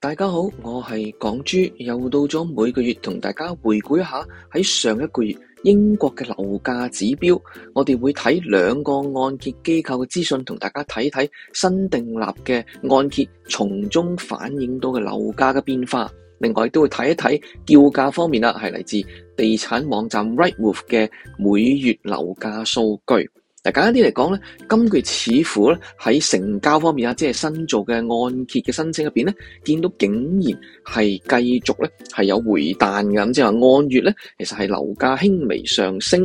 大家好，我係港豬，又到咗每個月同大家回顧一下喺上一個月英國嘅樓價指標，我哋會睇兩個按揭機構嘅資訊，同大家睇睇新訂立嘅按揭，從中反映到嘅樓價嘅變化。另外亦都會睇一睇叫價方面啦，係嚟自地產網站 Rightmove 嘅每月樓價數據。嗱簡單啲嚟講咧，今個月似乎咧喺成交方面啊，即係新造嘅按揭嘅申請入邊咧，見到竟然係繼續咧係有回彈嘅，咁即係話按月咧，其實係樓價輕微上升，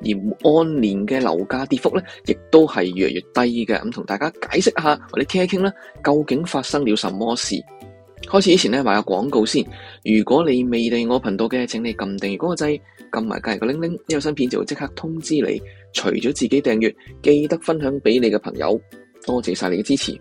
而按年嘅樓價跌幅咧，亦都係越嚟越低嘅。咁同大家解釋下，我哋傾一傾啦，究竟發生了什麼事？開始之前咧，賣個廣告先。如果你未訂我頻道嘅，請你撳訂閱嗰個掣，撳埋隔籬個鈴鈴，有新片就會即刻通知你。除咗自己訂閱，記得分享俾你嘅朋友，多謝晒你嘅支持。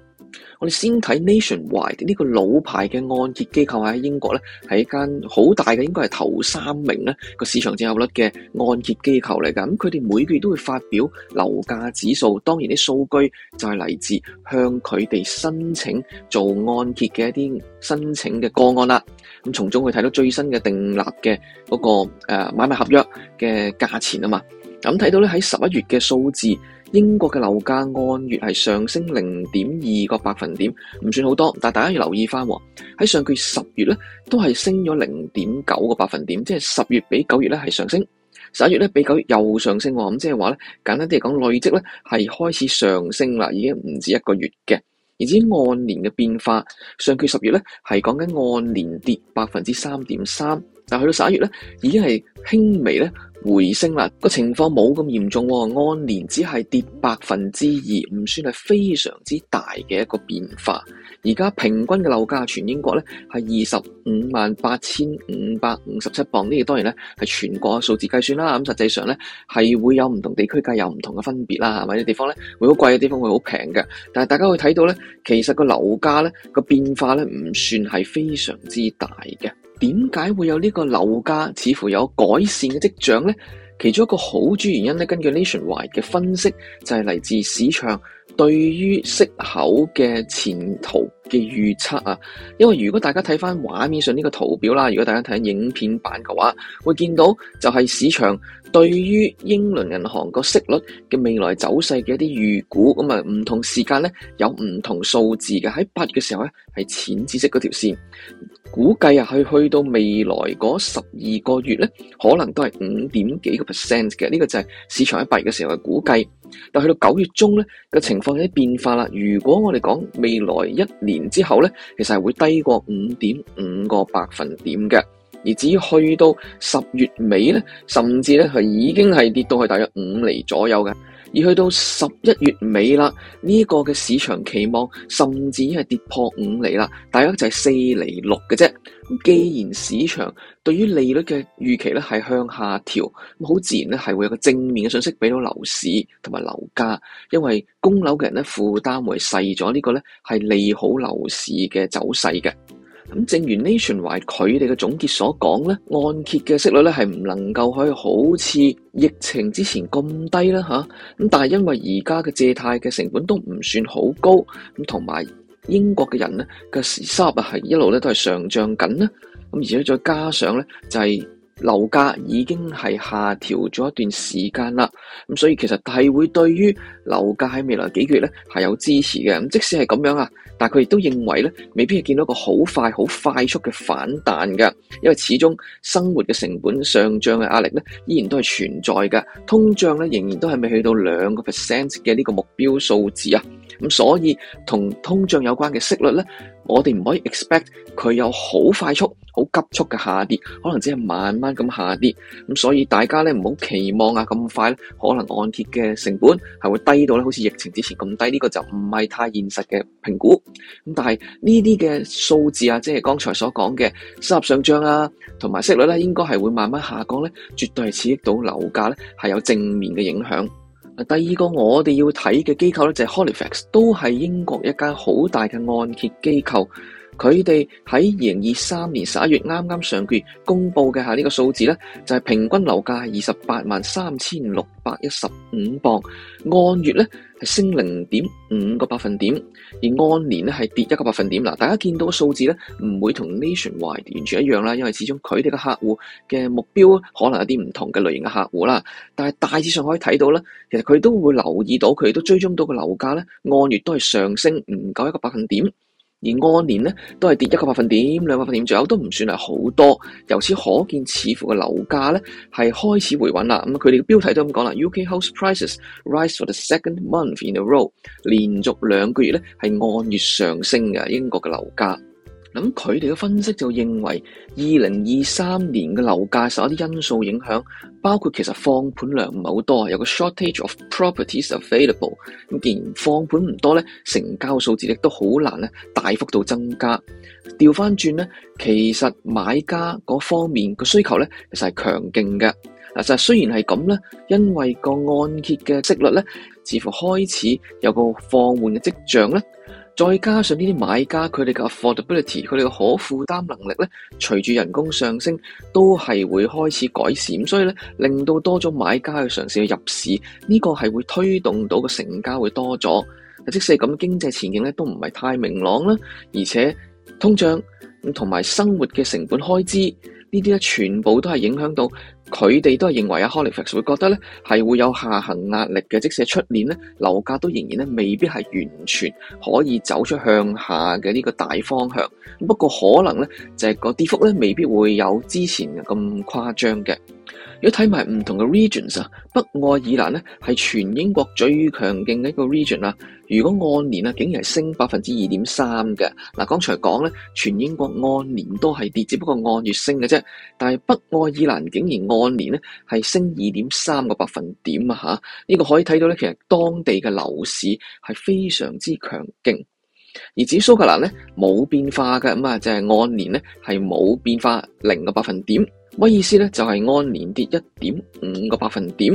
我哋先睇 Nationwide 呢個老牌嘅按揭機構喺英國咧，係一間好大嘅，應該係頭三名咧個市場佔有率嘅按揭機構嚟㗎。咁佢哋每個月都會發表樓價指數，當然啲數據就係嚟自向佢哋申請做按揭嘅一啲申請嘅個案啦。咁、嗯、從中去睇到最新嘅訂立嘅嗰個誒買賣合約嘅價錢啊嘛。咁睇到咧喺十一月嘅數字，英國嘅樓價按月係上升零點二個百分點，唔算好多。但大家要留意翻喎，喺上個月十月咧都係升咗零點九個百分點，即係十月比九月咧係上升，十一月咧比九月又上升喎。咁即係話咧，簡單啲嚟講，累積咧係開始上升啦，已經唔止一個月嘅。而至於按年嘅變化，上個月十月咧係講緊按年跌百分之三點三。但去到十一月咧，已經係輕微咧回升啦。個情況冇咁嚴重喎，按年只係跌百分之二，唔算係非常之大嘅一個變化。而家平均嘅樓價全英國咧係二十五萬八千五百五十七磅。呢個當然咧係全國嘅數字計算啦。咁實際上咧係會有唔同地區界有唔同嘅分別啦。係咪啲地方咧會好貴嘅地方會好平嘅？但係大家會睇到咧，其實個樓價咧個變化咧唔算係非常之大嘅。點解會有呢個樓價似乎有改善嘅跡象呢？其中一個好主要原因咧，根據 Nationwide 嘅分析，就係嚟自市場對於息口嘅前途嘅預測啊。因為如果大家睇翻畫面上呢個圖表啦，如果大家睇緊影片版嘅話，會見到就係市場對於英倫銀行個息率嘅未來走勢嘅一啲預估。咁啊，唔同時間咧有唔同數字嘅。喺八月嘅時候咧，係淺紫色嗰條線。估計啊，去去到未來嗰十二個月咧，可能都係五點幾個 percent 嘅，呢、這個就係市場喺八月嘅時候嘅估計。但去到九月中咧，個情況有啲變化啦。如果我哋講未來一年之後咧，其實係會低過五點五個百分點嘅。而至於去到十月尾咧，甚至咧係已經係跌到去大約五厘左右嘅。而去到十一月尾啦，呢、這個嘅市場期望甚至已經係跌破五厘啦，大約就係四厘六嘅啫。咁既然市場對於利率嘅預期咧係向下調，咁好自然咧係會有個正面嘅信息俾到樓市同埋樓價，因為供樓嘅人咧負擔係細咗，呢、這個咧係利好樓市嘅走勢嘅。咁正如 Nationwide，佢哋嘅總結所講咧，按揭嘅息率咧係唔能夠去好似疫情之前咁低啦吓。咁但係因為而家嘅借貸嘅成本都唔算好高，咁同埋英國嘅人咧嘅時薪啊係一路咧都係上漲緊啦。咁而且再加上咧就係、是。樓價已經係下調咗一段時間啦，咁所以其實大會對於樓價喺未來幾月咧係有支持嘅。咁即使係咁樣啊，但係佢亦都認為咧，未必係見到一個好快、好快速嘅反彈㗎，因為始終生活嘅成本上漲嘅壓力咧，依然都係存在㗎。通脹咧仍然都係未去到兩個 percent 嘅呢個目標數字啊，咁所以同通脹有關嘅息率咧。我哋唔可以 expect 佢有好快速、好急速嘅下跌，可能只係慢慢咁下跌。咁所以大家咧唔好期望啊咁快，可能按揭嘅成本係會低到咧好似疫情之前咁低。呢個就唔係太現實嘅評估。咁但係呢啲嘅數字啊，即係剛才所講嘅收入上漲啊，同埋息率咧，應該係會慢慢下降咧，絕對係刺激到樓價咧係有正面嘅影響。第二個我哋要睇嘅機構咧，就係 Halifax，都係英國一間好大嘅按揭機構。佢哋喺二零二三年十一月啱啱上個月公布嘅下呢個數字咧，就係平均樓價係二十八萬三千六百一十五磅，按月咧係升零點五個百分點，而按年咧係跌一個百分點嗱，大家見到數字咧，唔會同 Nationwide 完全一樣啦，因為始終，佢哋嘅客戶嘅目標可能有啲唔同嘅類型嘅客戶啦，但係大致上可以睇到咧，其實，佢都會留意到，佢都追蹤到個樓價咧，按月都係上升唔夠一個百分點。而按年呢，都係跌一個百分點，兩個百分點左右都唔算係好多，由此可見似乎嘅樓價呢係開始回穩啦。咁佢哋嘅標題都咁講啦，UK house prices rise for the second month in a row，連續兩個月呢，係按月上升嘅英國嘅樓價。咁佢哋嘅分析就認為，二零二三年嘅樓價受一啲因素影響，包括其實放盤量唔係好多，有個 shortage of properties available。咁既然放盤唔多咧，成交數字亦都好難咧大幅度增加。調翻轉咧，其實買家嗰方面個需求咧，其實係強勁嘅。嗱，就係雖然係咁咧，因為個按揭嘅息率咧，似乎開始有個放緩嘅跡象咧。再加上呢啲買家佢哋嘅 affordability，佢哋嘅可負擔能力咧，隨住人工上升，都係會開始改善，所以咧令到多咗買家去嘗試去入市，呢個係會推動到個成交會多咗。即使咁經濟前景咧都唔係太明朗啦，而且通脹同埋生活嘅成本開支。呢啲咧全部都係影響到佢哋都係認為啊，Halifax 會覺得咧係會有下行壓力嘅，即使出年咧樓價都仍然咧未必係完全可以走出向下嘅呢個大方向。不過可能咧就係、是、個跌幅咧未必會有之前咁誇張嘅。如果睇埋唔同嘅 regions 啊，北愛爾蘭咧係全英國最強勁嘅一個 region 啊。如果按年啊，竟然係升百分之二點三嘅。嗱，剛才講咧，全英國按年都係跌，只不過按月升嘅啫。但係北愛爾蘭竟然按年咧係升二點三個百分點啊！嚇，呢個可以睇到咧，其實當地嘅樓市係非常之強勁。而至於蘇格蘭咧，冇變化嘅，咁啊就係按年咧係冇變化，零個百分點，乜意思咧就係、是、按年跌一點五個百分點。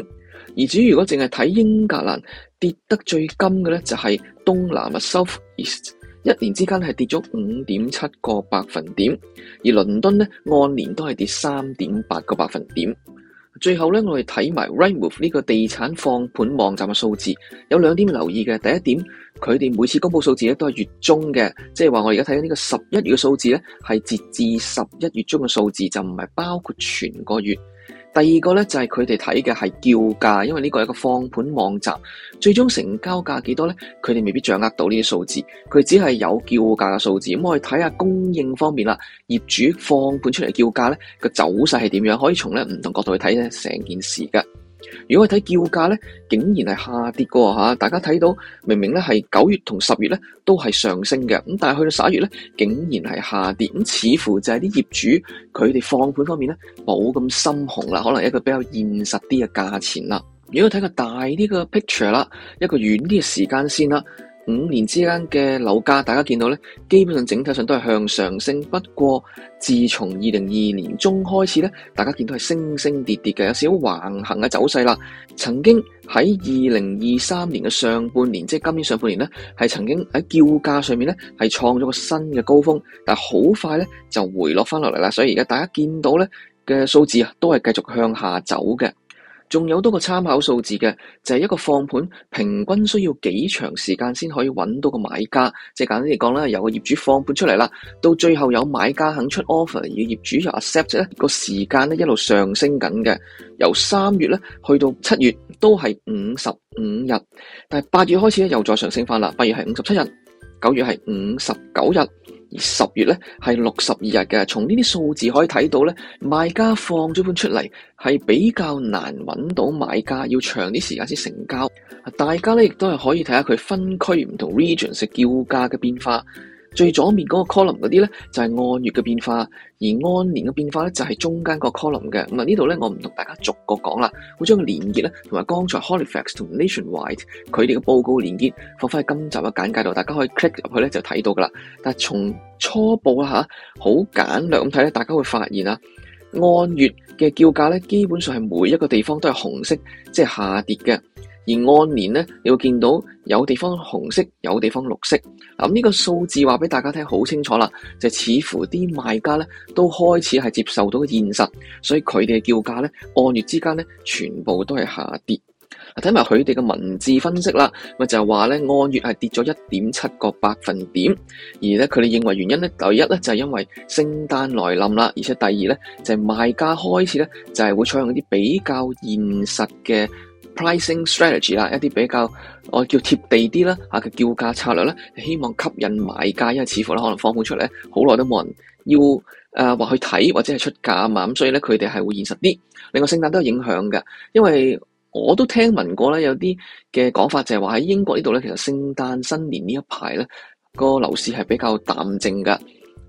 而至於如果淨係睇英格蘭跌得最甘嘅咧，就係東南啊 South East，一年之間係跌咗五點七個百分點，而倫敦咧按年都係跌三點八個百分點。最後咧，我哋睇埋 Rightmove 呢個地產放盤網站嘅數字，有兩點留意嘅。第一點，佢哋每次公布數字咧都係月中嘅，即係話我而家睇緊呢個十一月嘅數字咧，係截至十一月中嘅數字，就唔係包括全個月。第二個呢，就係佢哋睇嘅係叫價，因為呢個係一個放盤網站，最終成交價幾多呢？佢哋未必掌握到呢啲數字，佢只係有叫價嘅數字。咁我哋睇下供應方面啦，業主放盤出嚟叫價呢，個走勢係點樣，可以從呢唔同角度去睇呢成件事噶。如果睇叫價咧，竟然係下跌喎。大家睇到明明咧係九月同十月咧都係上升嘅，咁但係去到十一月咧，竟然係下跌，咁似乎就係啲業主佢哋放盤方面咧冇咁心雄啦，可能一個比較現實啲嘅價錢啦。如果睇個大啲嘅 picture 啦，一個遠啲嘅時間先啦。五年之間嘅樓價，大家見到咧，基本上整體上都係向上升。不過，自從二零二二年中開始咧，大家見到係升升跌跌嘅，有少少橫行嘅走勢啦。曾經喺二零二三年嘅上半年，即係今年上半年咧，係曾經喺叫價上面咧係創咗個新嘅高峰，但好快咧就回落翻落嚟啦。所以而家大家見到咧嘅數字啊，都係繼續向下走嘅。仲有多個參考數字嘅，就係一個放盤平均需要幾長時間先可以揾到個買家？即係簡單嚟講啦，有個業主放盤出嚟啦，到最後有買家肯出 offer，而業主又 accept，呢個時間咧一路上升緊嘅。由三月咧去到七月都係五十五日，但係八月開始咧又再上升翻啦。八月係五十七日，九月係五十九日。十月咧係六十二日嘅，從呢啲數字可以睇到咧，賣家放咗盤出嚟係比較難揾到買家，要長啲時間先成交。大家咧亦都係可以睇下佢分區唔同 regions 叫價嘅變化。最左面嗰個 column 嗰啲咧就係、是、按月嘅變化，而按年嘅變化咧就係、是、中間個 column 嘅。咁、嗯、啊呢度咧我唔同大家逐個講啦，會將連結咧同埋剛才 Halifax 同 Nationwide 佢哋嘅報告連結放翻喺今集嘅簡介度，大家可以 click 入去咧就睇到噶啦。但係從初步啦嚇，好簡略咁睇咧，大家會發現啊，按月嘅叫價咧基本上係每一個地方都係紅色，即、就、係、是、下跌嘅。而按年咧，你會見到有地方紅色，有地方綠色。咁、這、呢個數字話俾大家聽，好清楚啦，就是、似乎啲賣家咧都開始係接受到現實，所以佢哋嘅叫價咧按月之間咧全部都係下跌。睇埋佢哋嘅文字分析啦，咁就係話咧按月係跌咗一點七個百分點，而咧佢哋認為原因咧第一咧就係、是、因為聖誕來臨啦，而且第二咧就係、是、賣家開始咧就係、是、會採用一啲比較現實嘅。pricing strategy 啦，一啲比較我叫貼地啲啦，佢嘅叫價策略咧，希望吸引買家，因為似乎咧可能放盤出嚟，好耐都冇人要，誒、呃、話去睇或者係出價啊嘛，咁所以咧佢哋係會現實啲。另外聖誕都有影響嘅，因為我都聽聞過咧，有啲嘅講法就係話喺英國呢度咧，其實聖誕新年呢一排咧個樓市係比較淡靜嘅。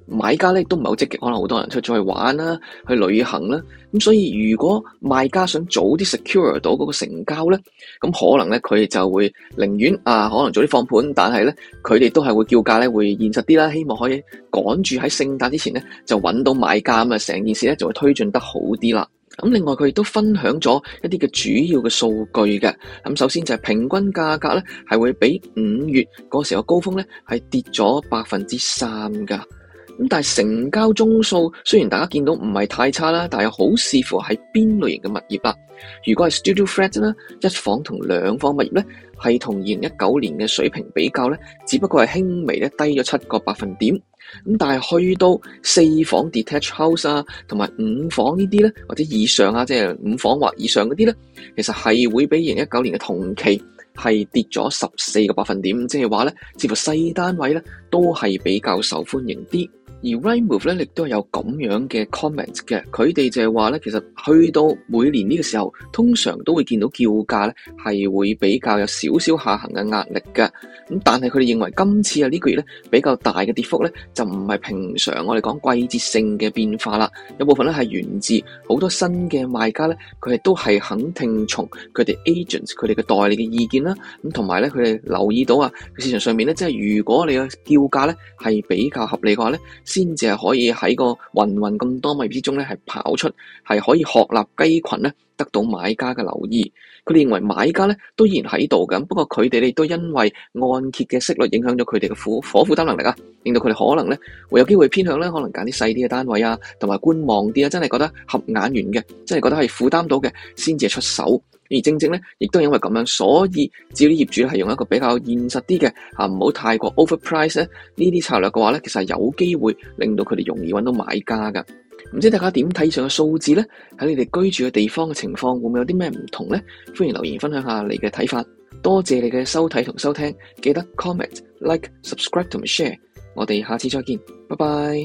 買家咧都唔係好積極，可能好多人出咗去玩啦，去旅行啦。咁所以如果賣家想早啲 secure 到嗰個成交咧，咁可能咧佢哋就會寧願啊，可能早啲放盤，但係咧佢哋都係會叫價咧會現實啲啦，希望可以趕住喺聖誕之前咧就揾到買家咁啊，成件事咧就會推進得好啲啦。咁另外佢亦都分享咗一啲嘅主要嘅數據嘅。咁首先就係平均價格咧係會比五月嗰時嘅高峰咧係跌咗百分之三噶。咁但係成交宗數雖然大家見到唔係太差啦，但係好視乎係邊類型嘅物業啦？如果係 studio flat 啦、一房同兩房物業咧，係同二零一九年嘅水平比較咧，只不過係輕微咧低咗七個百分點。咁但係去到四房 detached house 啊，同埋五房呢啲咧，或者以上啊，即係五房或以上嗰啲咧，其實係會比二零一九年嘅同期係跌咗十四個百分點。即係話咧，似乎細單位咧都係比較受歡迎啲。而 Rightmove 咧，亦都有咁樣嘅 comments 嘅。佢哋就係話咧，其實去到每年呢個時候，通常都會見到叫價咧係會比較有少少下行嘅壓力嘅。咁但係佢哋認為今次啊呢個月咧比較大嘅跌幅咧，就唔係平常我哋講季節性嘅變化啦。有部分咧係源自好多新嘅賣家咧，佢哋都係肯聽從佢哋 agents 佢哋嘅代理嘅意見啦。咁同埋咧，佢哋留意到啊，市場上面咧，即係如果你嘅叫價咧係比較合理嘅話咧。先至係可以喺個芸芸咁多米之中咧，係跑出，係可以鶴立雞群咧，得到買家嘅留意。佢哋認為買家咧都依然喺度咁，不過佢哋咧都因為按揭嘅息率影響咗佢哋嘅負負負擔能力啊，令到佢哋可能咧會有機會偏向咧，可能揀啲細啲嘅單位啊，同埋觀望啲啊，真係覺得合眼緣嘅，真係覺得係負擔到嘅，先至出手。而正正咧，亦都因為咁樣，所以只要啲業主係用一個比較現實啲嘅啊，唔好太過 over price 咧，呢啲策略嘅話咧，其實係有機會令到佢哋容易搵到買家噶。唔知大家點睇以上嘅數字咧？喺你哋居住嘅地方嘅情況，會唔會有啲咩唔同咧？歡迎留言分享下你嘅睇法。多謝你嘅收睇同收聽，記得 comment like subscribe 同 share。我哋下次再見，拜拜。